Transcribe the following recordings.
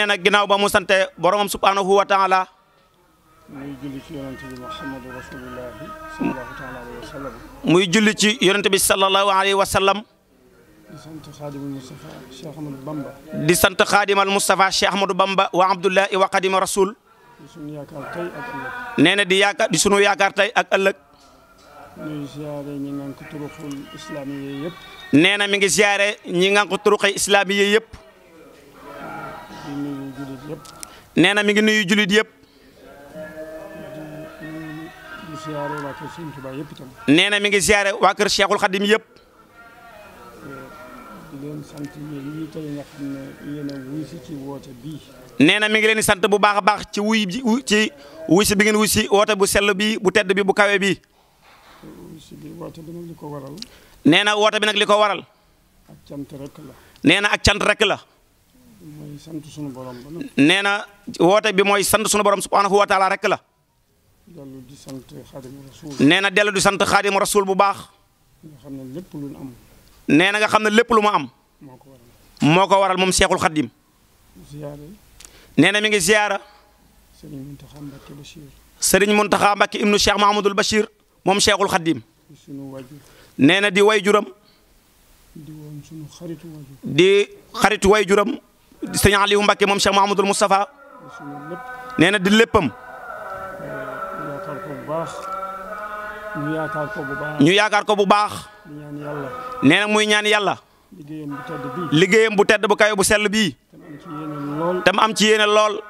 nee na ginnaaw ba mu sante boromam subhaanahu wa taala muy julli ci yonent bi Muhammadu Rasulullahi muy julli ci bi sallallahu alayhi wa di sant xaadimal Mustafa Cheikh Ahmadou Bamba wa Abdullahi wa Xaadima Rasul di na di yaakaar di sunu yaakaar tey ak ëllëg ñuy ziare ñi ngan ko turuqul islaami yëpp nee na mi ngi nuyu julit yëpp. nee mi ngi ziaré wa keur Cheikhul Khadim yëpp. Eh, nee mi ngi leni sante bu baakha baax ci wuy ci wuy si bi ngeen wuy si woote bu sel bi bu tedd bi bu kawé bi. bi nak liko waral. nee ak rek la. mooy sant sunu borom nee na woote bi mooy sant sunu borom subhaanahu wa taala rek la. dellu di nee na dellu di sant xaadimu rasuul bu baax. xam ne nee na nga xam ne lépp lu ma am. moo ko moo ko waral moom Seexul Xaddim. ziyaara. na mi ngi ziyaara. Serigne Mountakha Mbacké Bachir. Serigne Mountakha Mbacké ibnu Cheikh Mahamadul Bachir moom Seexul nee na di way juram. di woon xaritu way way juram. sëñ Aliou Mbacke moom Cheikh Mouhamadul Moustapha nee na di léppam. ñu yaakaar ko bu baax ñu yaakaar ko bu baax. nee muy ñaan yàlla. liggéeyam bu tedd bii bu tedd bu sell bii. te am ci yéene lool.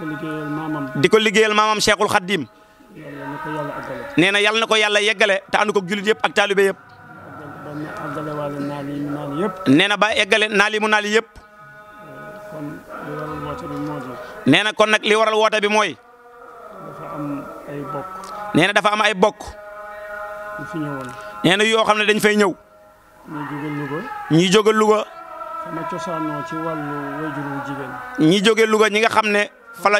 di ko liggéeyal maamam di ko liggéeyal maamam na ko yàlla yeggale te ànd ko jullit yëpp ak taalibe yëpp. nee ba eggale naal mu naal yëpp. nee na kon nag li waral woote bi mooy. dafa am ay bokk. nee dafa am ay bokk. yu fi yoo xam ne dañ fay ñëw. ñuy jóge Louga. ñuy jóge ci wàllu ñi jóge Louga ñi nga xam ne. fa la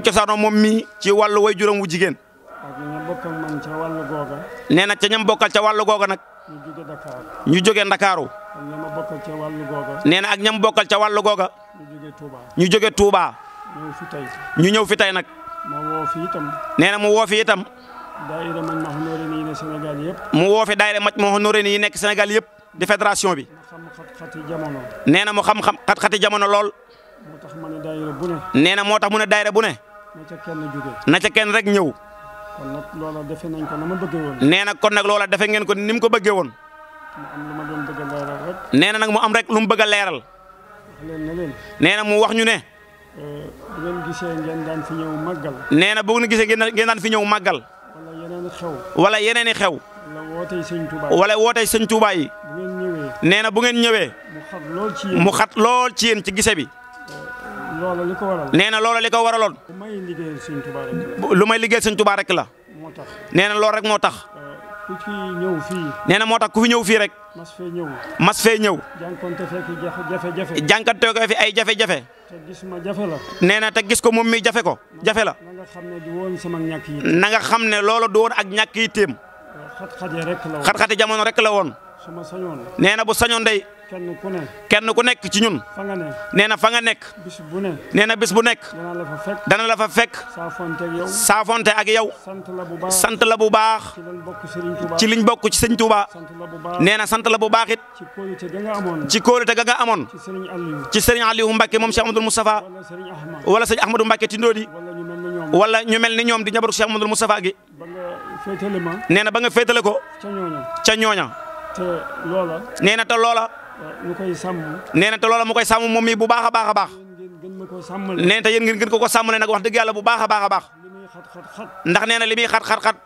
cosaanoo moom mii ci wàllu wayjuram wu jigéen. ak ca wàllu googa. ca ñam bokkal ca wàllu googa nag. ñu jóge Ndakaaru. nee na ak ñam bokkal ca wàllu googa. ñu jóge Touba. ñu ñëw fi tey nag. nee na mu woo fi itam. daayira maj ma honoré mu woo fi daayira maj ma honoré yi nekk Sénégal yëpp di fédération bi. nee na mu xam xam xat-xati jamono lool. nee na moo tax mu ne daayira bu ne. na ca kenn rek ñëw. nee na kon nag loola defe ngeen ko ni mu ko bëggee woon. nee na nag mu am rek lu mu bëgg leeral. nee na mu wax ñu ne. bu ngeen gisee nee na bu ngeen gisee ngeen daan fi ñëw màggal. wala yeneen i xew. wala yeneen i xew. wala wootee sëñ Touba yi. wala nee na bu ngeen ñëwee. mu xat lool ci yéen ci gise bi. loola li ko waral. nee na loola li ko waraloon. lu may liggéeyal sëñ Touba rek la. lu may loolu rek moo tax. ku fi ñëw na moo tax ku fi ñëw fii rek. mas fee ñëw. mas fee ñëw. jànkonte fekk jafe-jafe. jànkonte ko fi ay jafe-jafe. te gis la. nee na te gis ko moom mi jafe ko jafe la. na nga xam ne du yi. na xam ne loola du woon ak ñàkk yi téem. xat-xati jamono rek la woon. su ma sañoon day. kenn ku kenn ku nekk ci ñun. fa nga nekk nee na fa nga nekk. bu ne. na bis bu nekk. dana la fekk. la fekk. saafonte ak yow. saafonte ak yow. sant la bu baax sant la bu baax. ci liñ bokk ci liñ bokk ci Serigne Touba. sant la bu baax nee na sant la bu baax it. ci kóolute ga nga amoon. ci kóolute ga nga amoon. ci Serigne Aliou. ci Serigne Aliou Mbacke moom Cheikh Ahmadou Moustapha. wala Serigne Ahmad. wala Serigne Ahmadou Mbacke Tindodi. wala ñu mel ni ñoom di njabaru Cheikh Ahmadou Moustapha gi. nee na ba nga féetale ko. ca ñooña. ca ñooña. te loola. ñu koy sàmm. nee na te loola mu koy sàmm moom mii bu baax a baax a baax. nee na te yéen ngeen gën ko ko sàmmale nag wax dëgg yàlla bu baax a baax a baax. ndax nee na li xat xat xat.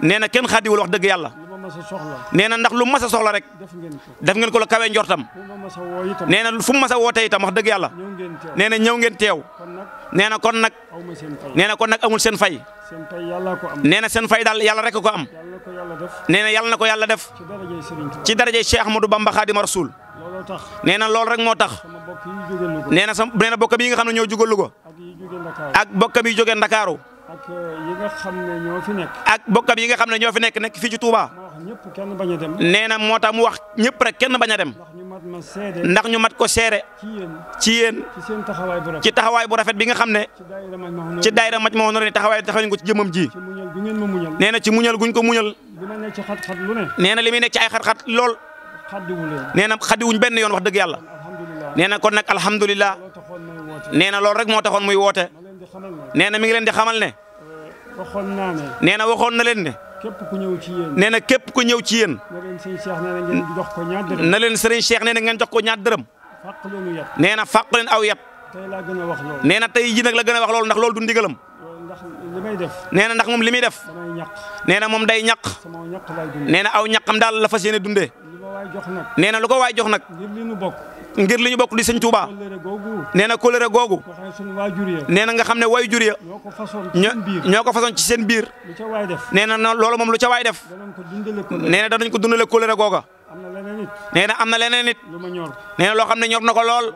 nee na kenn xadiwul wax dëgg yàlla. nee na ndax lu mas a soxla rek. def ngeen ko la kawe njortam. nee na fu mu mas a wootee itam wax dëgg yàlla. nee na ñëw ngeen teew. nee na kon nag nee na kon nag amul seen fay nee na seen fay daal yàlla rek ko am nee na yàlla na ko yàlla def ci darajay Cheikh Ahmadou Bamba Xaadima Rasul nee na loolu rek moo tax nee na sa nee na bokkam yi nga xam ne ñoo jóge Louga ak bokkam yi jóge Ndakaaru ak eh, yi nga xam ne ñoo fi nekk ak bokkam yi nga xam ne ñoo fi nekk nekk fii ci Touba nee na moo tax mu wax ñépp rek kenn bañ a dem ndax ñu mat ko seere ci yéen ci taxawaay bu rafet bi nga xam ne ci daayira maj ma honoré taxawaay taxawañ ko ci jëmam ji nee ci muñal guñ ko muñal nee na li muy nekk ci ay xat-xat lool nee na xaddiwuñ benn yoon wax dëgg yàlla nee na kon nag alhamdulilah na loolu rek moo taxoon muy woote nee na mi ngi leen di xamal ne waxoon naa ne. nee na waxoon na leen ne. képp ku ñëw ci yéen. nee na képp ku ñëw ci yéen. na leen sëriñ Cheikh nee na ngeen jox ko ñaar dërëm. na leen ngeen jox ko ñaar dërëm. fàq leen yat. na fàq leen aw yat. tey laa gën a wax na tey ji nag la gën a wax loolu ndax loolu du ndigalam. ndax li na ndax moom li muy def. damay ñaq. na moom day ñaq. sama ñaq laay aw ñaqam daal la fas yéene dundee. li waay jox nag. na lu ko waay jox nag. ngir ngir li ñu bokk di sëñ Touba nee na kóllëre googu nee na nga xam ne way jur ya ñoo ko façon ci seen biir nee na loolu moom lu ca waay def nee na danañ ko dundale kóllëre googa nee na am na leneen nit nee na loo xam ne ñor na ko lool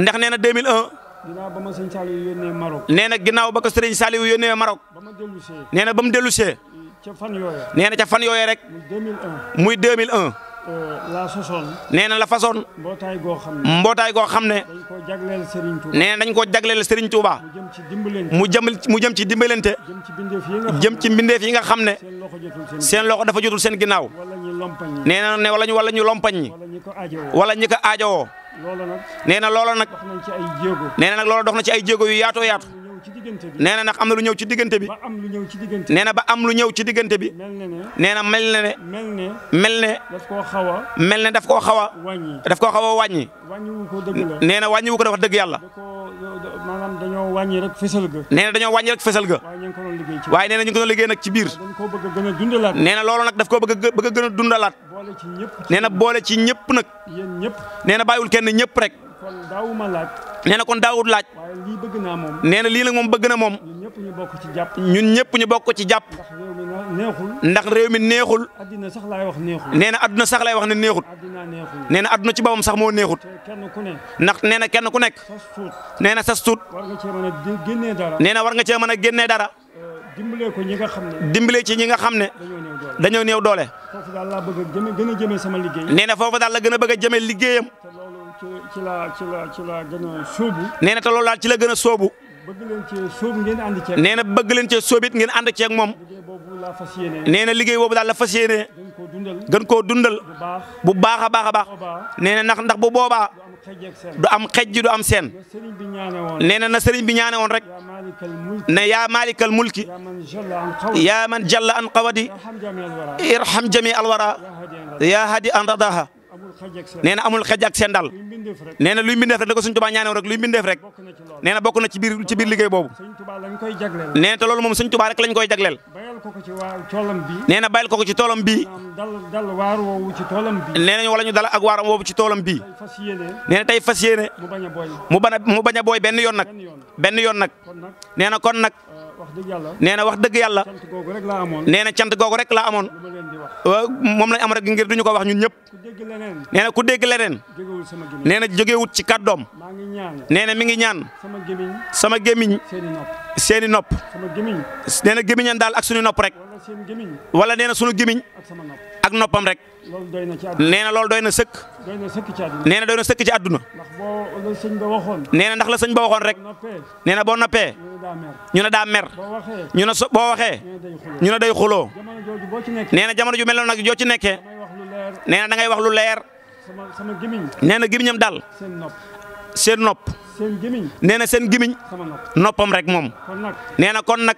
ndax nee na 2001. ginnaaw ma sëñ Saliou yónnee Maroc. nee na ginnaaw ba ko sëriñ Saliou yónnee Maroc. nee na ba mu dellusee. nee na ca fan yooya rek. muy 2001. muy 2001. la sosoon. nee na la fasoon. mbootaay goo xam ne. mbootaay dañ koo jagleel Serigne Touba. mu jëm mu jëm ci dimbalante. jëm ci mbindeef yi nga xam ne. seen loxo dafa jotul seen ginnaaw. nee na ne wala ñu wala ñu lompañ ñi. ñi ko aajowoo. nee na loola nag. nee na nag loola dox na ci ay jéego yu yaatoo yaatu. nee na ndax am na lu ñëw ci diggante bi nee na ba am lu ñëw ci diggante bi nee na mel na ne mel ne mel ne daf koo xaw a daf koo xaw a wàññi nee na wàññi wu ko dafa dëgg yàlla maanaam dañoo wàññi rek fésal ga nee na dañoo wàññi rek fésal waaye nee na ko doon liggéey nag ci biir nee na loolu daf koo bëgg a bëgg a gën a dundalaat nee boole ci ñëpp nag nee na bàyyiwul kenn ñëpp rek nee na kon daawut laaj nee na lii nag moom bëgg na moom ñu ñëpp ñu bokk ci jàpp ndax réew mi neexul nee na adduna sax lay wax ne neexut nee na adduna ci boppam sax moo neexut ndax nee na kenn ku nekk nee na sas tuut nee na war nga cee mën a génnee dara. Euh, dimbalee ko ñi nga xam ne. dimbalee ci ñi nga xam ne. dañoo néew doole. foofu daal la bëgg a jëme gën a jëmee sama foofu daal la gën a jëmee liggéeyam. ci la ci la ci la gën a sóobu. nee na te loolu ci la gën a sóobu. bëgg leen cee sóob ngeen ànd ceeg. nee bëgg leen cee sóobit ngeen ànd ceeg moom. nee na liggéey boobu daal la fas yéene. gën koo dundal. bu baax a baax a baax. nee na ndax ndax bu boobaa. du am xejj du am seen. nee na na sëriñ bi ñaane woon rek. ne yaa maalikal mulki. yaa man jalla an qawadi. irham jami alwara. yaa hadi an radaha. nee na amul xejj ak seen nee na luy mbindeef rek da ko suñ liggéey boobu nee na moom suñ tubaa rek lañ koy jagleel nee na bàyyil ci toolam bii nee nañu wala ñu mu bañ booy benn yoon nag benn yoon nag nee na wax dëgg yàlla nee na cant googu rek laa amoon moom lañ am rek ngir duñu ko wax ñun ñëpp nee na ku dégg leneen nee na jógewut ci kàddoom nee na mi ngi ñaan sama gémiñ seeni nopp nee na gémiñan daal ak suñu nopp rek wala nee na suñu gémiñ ak noppam rek nee na loolu doy na sëkk nee na doy na sëkk ci àdduna nee na ndax la sëñ ba waxoon rek nee na boo noppee ñu ne daa mer ñu ne boo waxee ñu ne day xuloo nee na jamono ju mel noonu nag joo ci nekkee nee na wax lu leer nee na gimiñam daal seen nopp nee na seen gimiñ noppam rek moom nee na kon nag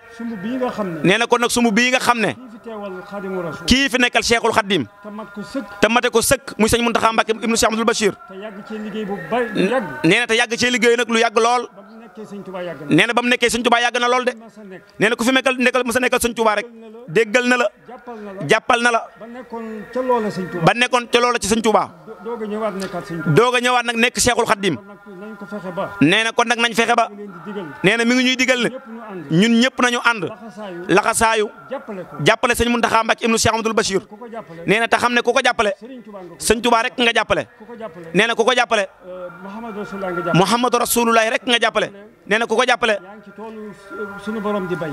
nee na bii nga xam ne. kii fi nekkal Cheikhul Khadim te mate ko sëkk muy sëñ Mountakha Mbacké ibnu Cheikh Abdoul Bachir nee na te yàgg liggéey nag lu yàgg lool nee na nekkee sëñ Touba yàgg na lool de nee na fi nekkal nekkal a nekkal sëñ Touba rek déggal na la jàppal na la ba nekkoon ca loola ci a ñëwaat nag nekk Cheikhul Khadim nee kon nag nañ fexe ba nee mi ngi ñuy digal ne ñun ñëpp nañu ànd laxasaayu jappalé señ Muntaxa Mbàkke ibnu Cheikh Amadou bashir néna ta xamné kuko jappalé señ touba rek nga jappalé nee na ku ko Muhammadu rek nga jappalé néna kuko jappalé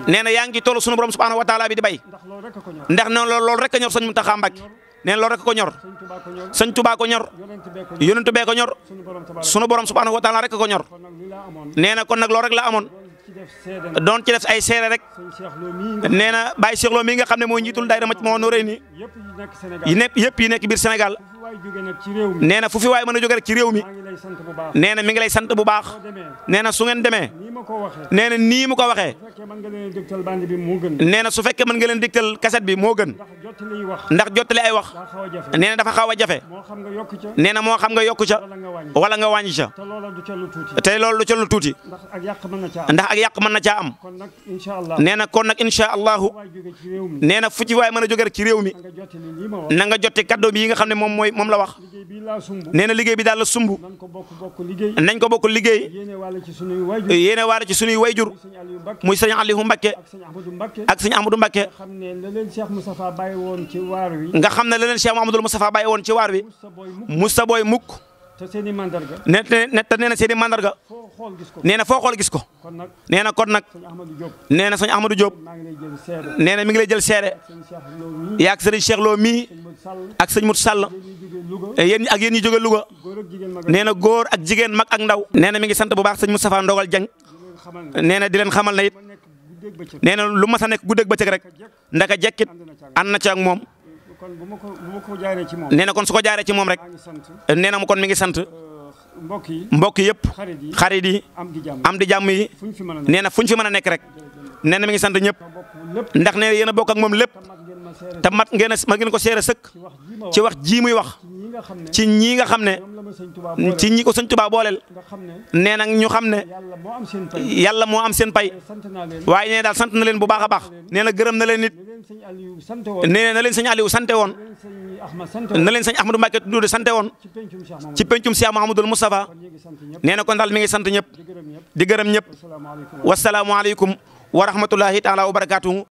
néna yaangi tolu na sunu borom subhanahu wa taala bi di bay ndax noonu lool rek ñor señ Muntaxa Mbàkke neen loolu rek ko ñor señ touba ko ñor yonentu ko ñor sunu borom subhanahu wa taala rek ko ñor kon nak rek la amone doon ci def ay seere rek nee na Baye Cheikh Lo mii ne mooy njiitul daayira Majmahun Nurayni yi nekk yi nekk biir Sénégal nee na fu fi waay mën a jóge rek ci réew mi nee na mi ngi lay sant bu baax nee na su ngeen demee nee na nii mu ko waxee nee na su fekkee mën nga leen bi moo gën ndax jottali ay wax nee na dafa a jafe nee moo xam nga yokku ca nga wàññi ca te du ca tuuti ndax ak yàq mën na caa am nee na allahu nee na fu ci waay mën a mi na jotti kaddu bi yi nga xam ne moom mooy mom la wax neena liggey bi dal la sumbu nagn ko bokku liggey yene wala ci sunuy wayjur muy serigne ali hu Mbakke ak serigne amadou Mbakke nga xamne ne la leen Cheikh Mouhamadul mustapha baye won ci war wi musta booy mukk ne te net na neena seni mandarga nee foo xool gis ko nee na kon nag nee na sëñ Ahmadou Diop nee mi ngi lay jël seere yaa ak sëriñ Cheikh Lo mii ak sëñ Mut Sall yéen eh, ak yéen ñi jóge Louga nee góor ak jigéen mag ak ndaw nee na mi ngi sant bu baax sëñ Moustapha Ndogal Dieng nee na di leen xamal na it nee na lu mas a nekk guddeeg bëccëg rek ndaka jekkit ànd na ci ak moom nee na kon su ko jaaree ci moom rek eh, nee na mu kon mi ngi sant euh, mbokk yëpp xarit yi am di jàmm yi nee na fu ñu fi mën a nekk rek nee na mi ngi sant ñëpp ndax nee na yéen a bokk ak moom lépp te mat ngeen a ma ngeen ko seere sëkk ci wax ji muy wax ci ñii xam ne ci ñi ko sëñ Tuubaa booleel nee na ñu xam ne yàlla moo am seen pay waaye nee daal sant leen bu baax a baax gërëm na leen nit nee na na leen sëñ Aliou sante woon na leen sëñ Ahmadou Mbacké sante woon ci pencum Cheikh Mouhamadoul nee na kon daal mi ngi sant ñëpp di gërëm ñëpp wasalaamualeykum wa